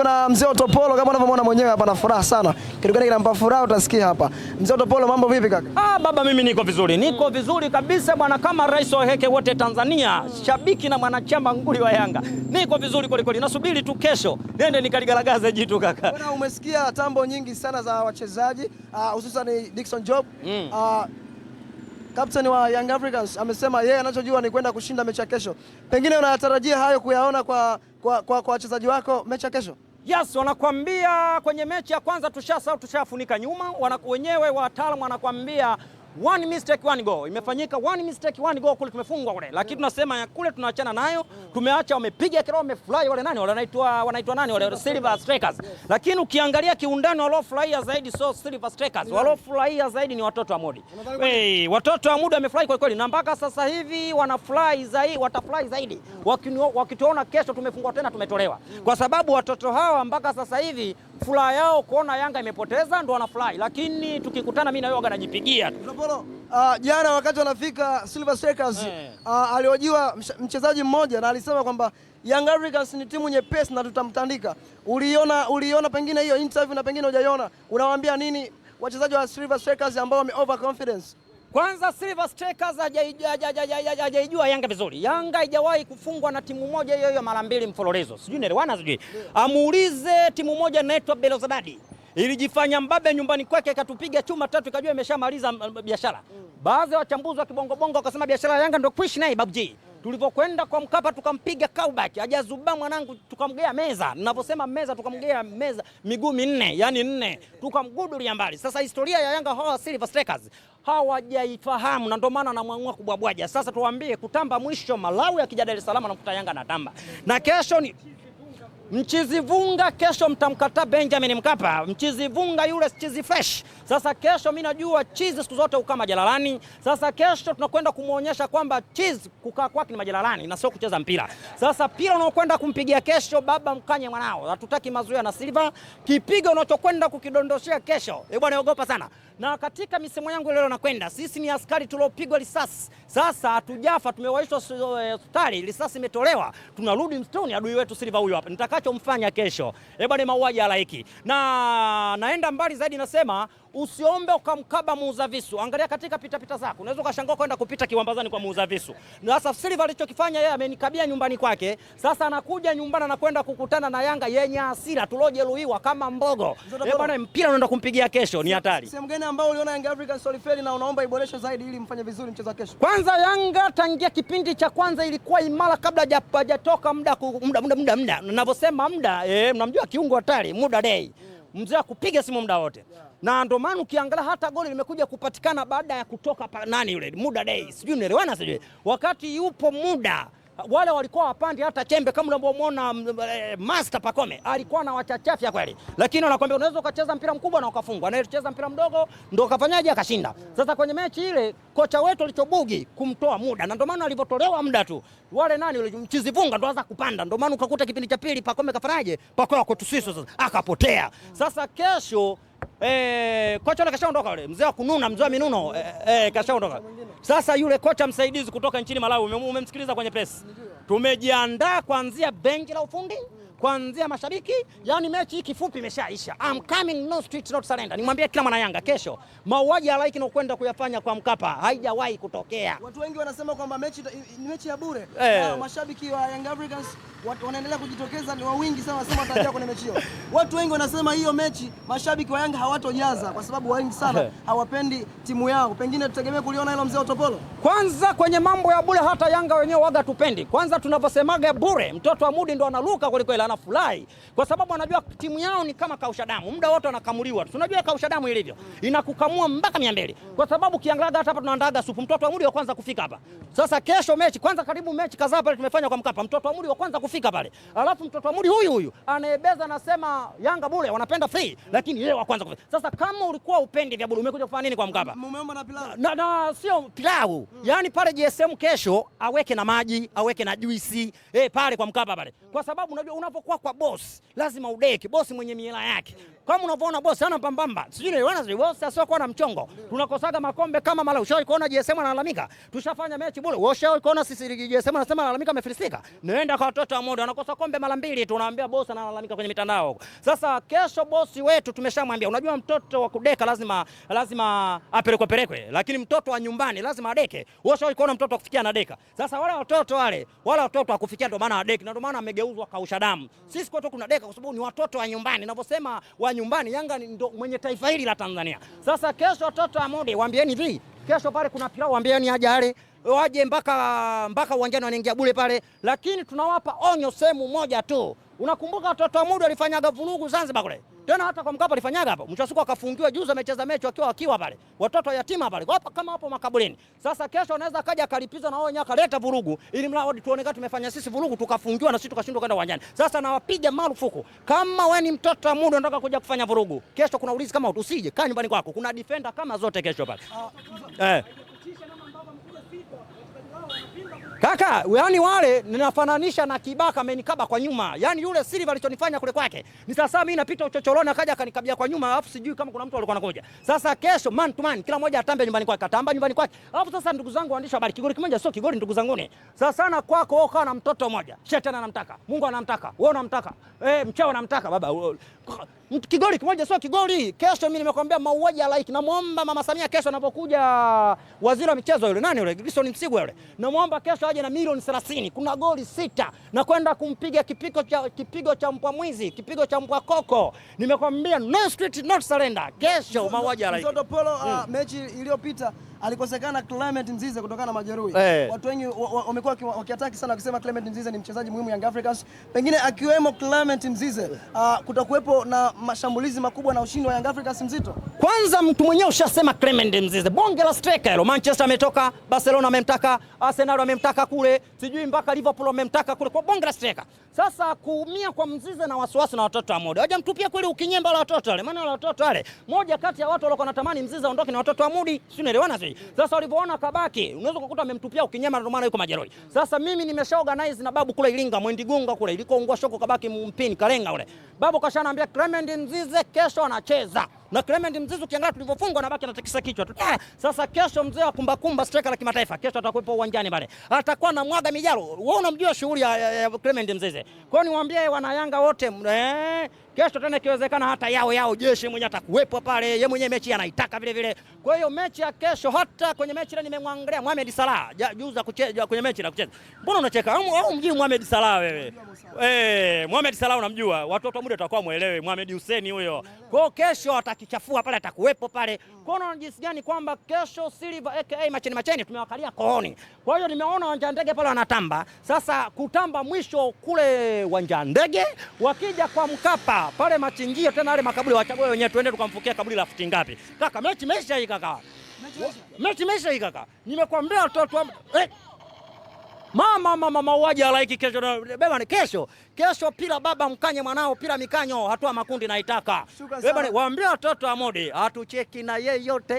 niko na mzee Otopolo kama unavyomwona mwenyewe hapa na furaha sana. Kitu gani kinampa furaha utasikia hapa. Mzee Otopolo, mambo vipi kaka? Ah, baba mimi niko vizuri. Niko vizuri kabisa bwana, kama rais wa heke wote Tanzania, shabiki na mwanachama nguli wa Yanga. Niko vizuri kweli kweli. Nasubiri tu kesho. Nende nikaligaragaze jitu kaka. Bwana, umesikia tambo nyingi sana za wachezaji, ah, hususan uh, Dickson Job. Mm. Uh, ah, Kapteni wa Young Africans amesema yeye yeah, anachojua ni kwenda kushinda mechi ya kesho. Pengine unatarajia hayo kuyaona kwa kwa kwa, wachezaji wako mechi ya kesho? Yes, wanakuambia kwenye mechi ya kwanza tushafunika nyuma, wenyewe wataalamu wanakuambia one mistake one goal imefanyika, one mistake one goal kule tumefungwa kule, lakini mm. tunasema ya kule tunaachana nayo, mm. tumeacha wamepiga kero, wamefurahi wale nani wale wanaitwa wanaitwa nani wale Silver Strikers, lakini ukiangalia kiundani waliofurahia zaidi so Silver Strikers, waliofurahia zaidi ni watoto wa Mudi. Hey, watoto wa Mudi wamefurahi kwa kweli, na mpaka sasa hivi wanafurahi zaidi, watafurahi zaidi mm. wakituona kesho tumefungwa tena, tumetolewa, kwa sababu watoto hawa mpaka sasa hivi furaha yao kuona Yanga imepoteza ndo wanafurahi, lakini tukikutana mimi na wewe najipigia tu. Uh, jana wakati wanafika Silver Strikers hey. Eh. Uh, aliojiwa mchezaji mmoja na alisema kwamba Young Africans ni timu nyepesi na tutamtandika. Uliona, uliona pengine hiyo interview na pengine hujaiona, unawaambia nini wachezaji wa Silver Strikers ambao wame overconfidence? Kwanza Silver Strikers hajaijua Yanga vizuri. Yanga haijawahi kufungwa na timu moja hiyo hiyo mara mbili mfululizo, sijui naelewana, sijui amuulize timu moja inaitwa Belozadadi ilijifanya mbabe nyumbani kwake ikatupiga chuma tatu ikajua imeshamaliza biashara. mm. Baadhi ya wachambuzi wa kibongobongo wakasema biashara ya Yanga ndio kuishi naye babuji. mm. Tulivyokwenda kwa Mkapa tukampiga kaubaki ajazubaa mwanangu, tukamgea meza. Ninavyosema meza, tukamgea meza miguu minne, yani nne, tukamgudulia mbali. Sasa historia ya Yanga hawa Silver Strikers hawajaifahamu na ndio maana anamwangua kubwabwaja. Sasa tuwaambie kutamba mwisho, Malawi akija Dar es Salaam anakuta Yanga tamba, na kesho ni Mchizivunga kesho mtamkata Benjamin Mkapa, mchizivunga yule chizi fresh. Sasa kesho mimi najua chizi siku zote ukama majalalani. Sasa kesho tunakwenda kumuonyesha kwamba chizi kukaa kwake ni majalalani na sio kucheza mpira. Sasa pira unaokwenda kumpigia kesho, baba mkanye mwanao, hatutaki mazuia na silver. Kipigo unachokwenda kukidondoshia kesho, e bwana, ogopa sana. Na katika misemo yangu leo nakwenda, sisi ni askari tuliopigwa risasi. Sasa hatujafa, tumewaishwa eh, hospitali, risasi imetolewa, tunarudi msituni, adui wetu silver huyo hapa mtakachomfanya kesho. Eba, ni mauaji halaiki, na naenda mbali zaidi, nasema Usiombe ukamkaba muuza visu. Angalia katika pitapita zako, unaweza ukashangaa kwenda kupita kiwambazani kwa muuza visu. Na sasa Silva alichokifanya yeye, amenikabia nyumbani kwake, sasa anakuja nyumbani na kwenda kukutana na Yanga yenye hasira tulojeruhiwa kama mbogo. Eh bwana, mpira unaenda kumpigia kesho, ni hatari. Sehemu gani ambao uliona Yanga African solifeli na unaomba iboreshe zaidi ili mfanye vizuri mchezo wa kesho? Kwanza Yanga tangia kipindi cha kwanza ilikuwa imara kabla hajatoka muda muda muda muda. Ninavyosema muda, eh mnamjua kiungo hatari, muda day mzee akupiga simu muda wote yeah. Na ndio maana ukiangalia hata goli limekuja kupatikana baada ya kutoka pa, nani yule muda dei sijui nielewana sijui wakati yupo muda wale walikuwa wapandi hata chembe, kama unavyomwona mm, eh, Master pakome alikuwa na wachachafya kweli, lakini anakuambia unaweza ukacheza mpira mkubwa na ukafungwa, anayecheza mpira mdogo ndo kafanyaje, akashinda. Sasa kwenye mechi ile kocha wetu alichobugi kumtoa muda, na ndio maana alivyotolewa muda tu wale nani yule mchizivunga ndo anza kupanda, ndio maana ukakuta kipindi cha pili Pakome kafanyaje, Pacome kwetu sisi sasa akapotea. Sasa kesho Eh, kocha yule kashaondoka yule mzee wa kununa, mzee wa minuno eh, eh, eh kashaondoka. Sasa yule kocha msaidizi kutoka nchini Malawi umemsikiliza kwenye press, tumejiandaa kuanzia benchi la ufundi kuanzia mashabiki. yani mechi hii kifupi imeshaisha. I'm coming no street not surrender. Nimwambie kila mwana Yanga kesho, mauaji ya halaiki nakwenda kuyafanya kwa Mkapa haijawahi kutokea. Watu wengi wanasema kwamba mechi ni mechi ya bure eh. Na mashabiki wa Young Africans wanaendelea kujitokeza ni wingi sana, wanasema watajaa kwenye mechi hiyo. Watu wengi wanasema hiyo mechi mashabiki wa Yanga hawatojaza kwa sababu wengi sana eh. hawapendi timu yao. Pengine tutegemee kuliona hilo, mzee Otopolo. Kwanza kwenye mambo ya bure, hata Yanga wenyewe waga tupendi. Kwanza tunavyosemaga bure, mtoto wa mudi ndo analuka kuliko ile anafurahi kwa sababu anajua timu yao ni kama kausha damu, muda wote wanakamuliwa. Tunajua kausha damu ilivyo, inakukamua mpaka mia mbili, kwa sababu kiangalaga hata hapa tunaandaga supu, mtoto wa muri wa kwanza kufika hapa. Sasa kesho mechi kwanza, karibu mechi kadhaa pale tumefanya kwa Mkapa, mtoto wa muri wa kwanza kufika pale, alafu mtoto wa muri huyu huyu anaebeza, anasema Yanga bure wanapenda free, lakini yeye wa kwanza kufika. Sasa kama ulikuwa upendi vya bure, umekuja kufanya nini kwa Mkapa? Mumeomba na pilau na, na sio pilau, hmm. yani pale JSM kesho aweke na maji aweke na juisi eh, pale kwa Mkapa pale, kwa sababu unajua unapo unapokuwa kwa bosi lazima udeki. Bosi mwenye miela yake, kama unavyoona bosi ana pambamba, sijui niliona sijui bosi sio kwa na mchongo, tunakosaga makombe kama mara. Ushawahi kuona JSM analalamika? Tushafanya mechi bure, ushawahi kuona sisi ligi JSM anasema analalamika amefilisika, nenda kwa watoto wa muda, anakosa kombe mara mbili, tunaambia bosi analalamika kwenye mitandao. Sasa kesho bosi wetu tumeshamwambia, unajua mtoto wa kudeka lazima lazima apelekwe pelekwe, lakini mtoto wa nyumbani lazima adeke. Ushawahi kuona mtoto akufikia na deka? Sasa wale watoto wale wale watoto akufikia, ndio maana adeki, ndio maana amegeuzwa kausha damu. Sisi kwetu kuna deka kwa sababu ni watoto wa nyumbani, ninavyosema wa nyumbani, Yanga ndo mwenye taifa hili la Tanzania. Sasa kesho watoto wa Mode waambieni hivi, kesho pale kuna pilau, waambieni aje ale waje mpaka mpaka uwanjani wanaingia bure pale, lakini tunawapa onyo sehemu moja tu. Unakumbuka watoto wa Mode walifanyaga vurugu Zanzibar kule tena hata kwa Mkapa alifanyaga hapo. Mchasuko akafungiwa juzi amecheza mechi akiwa akiwa pale. Watoto yatima pale. Hapo kama hapo makaburini. Sasa kesho anaweza kaja akalipiza na wao wenyewe akaleta vurugu ili mradi tuone kama tumefanya sisi vurugu tukafungiwa na sisi tukashindwa kwenda uwanjani. Sasa nawapiga marufuku. Kama wewe ni mtoto wa muda unataka kuja kufanya vurugu. Kesho kuna ulizi kama utusije. kaa nyumbani kwako. Kuna defender kama zote kesho pale. Eh. Kaka, yani wale ninafananisha na kibaka amenikaba kwa nyuma. Yaani yule Silva alichonifanya kule kwake. Ni sasa mimi napita uchochoroni akaja akanikabia kwa nyuma, alafu sijui kama kuna mtu alikuwa anakuja. Sasa kesho man to man kila mmoja atambe nyumbani kwake, atamba nyumbani kwake. Alafu sasa ndugu zangu waandishi habari, kigori kimoja sio kigori ndugu zangu ni. Sasa sana kwako wewe kwa na mtoto mmoja. Shetani anamtaka, Mungu anamtaka, wewe unamtaka. Eh, mchao anamtaka baba. Kigori kimoja sio kigori. Kesho mimi nimekwambia mauaji ya like. Namuomba Mama Samia kesho anapokuja waziri wa michezo yule nani yule? Grisoni Msigwa yule. Namuomba kesho waje na milioni 30 kuna goli sita na kwenda kumpiga kipigo cha, kipigo cha mpwa mwizi kipigo cha mpwa koko. Nimekwambia no street not surrender. Kesho mauaji ya Mzoto Polo. Uh, hmm. mechi iliyopita alikosekana Clement Mzize kutokana na majeruhi hey. Eh. Watu wengi wamekuwa wa, wa, wakiataki sana wakisema Clement Mzize ni mchezaji muhimu Young Africans, pengine akiwemo Clement Mzize uh, kutakuwepo na mashambulizi makubwa na ushindi wa Young Africans mzito kwanza mtu mwenyewe ushasema Clement Mzize, bonge la striker hilo. Manchester ametoka, Barcelona amemtaka, Arsenal amemtaka kule, sijui mpaka Liverpool amemtaka kule, kwa bonge la striker. Sasa kuumia kwa Mzize na wasiwasi na watoto wa Mudi, waje mtupia kweli ukinyemba la watoto wale, maana la watoto wale, moja kati ya watu walikuwa wanatamani Mzize aondoke na watoto wa Mudi, si unaelewana? Sisi sasa walivyoona kabaki, unaweza kukuta amemtupia ukinyemba, ndio maana yuko majeroni. Sasa mimi nimesha organize na babu kule Ilinga, Mwendigunga kule, ilikoungua shoko kabaki mpini kalenga ule, babu kashanaambia Clement Mzize kesho anacheza na Clement Mzizi ukiangalia tulivyofungwa na baki anatikisa kichwa tu. Ah, sasa kesho mzee wa kumba kumba striker la kimataifa kesho atakuwepo uwanjani pale. Atakuwa na mwaga mijalo. Wewe unamjua shughuli ya Clement Mzizi. Kwa hiyo niwaambie wana Yanga wote eh, kesho tena ikiwezekana hata yao yao jeshi mwenye atakuwepo pale, yeye mwenye mechi anaitaka vile vile. Kwa hiyo mechi ya kesho, hata kwenye mechi ile nimemwangalia Mohamed Salah juza kucheza kwenye mechi na kucheza. Mbona unacheka au mjui Mohamed Salah wewe? Eh, Mohamed Salah unamjua, watoto muda watakuwa muelewe Mohamed Hussein huyo. Kwa hiyo kesho atakichafua pale, atakuwepo pale. Kwa hiyo jinsi gani kwamba kesho Silva aka macheni macheni tumewakalia kooni. Kwa hiyo nimeona wanja ndege pale wanatamba. Sasa kutamba mwisho kule wanja ndege wakija kwa Mkapa pale machinjio tena wale makaburi wachague wenyewe, tuende tukamfukia kaburi la futi ngapi kaka? Mechi meisha hii kaka, mechi meisha hii kaka, nimekwambia watoto eh. Mama mama mauaji halaiki kesho beba ni kesho. Kesho pila baba mkanye mwanao pila mikanyo hatua makundi naitaka. Beba ni waambie watoto Modi hatucheki na yeyote.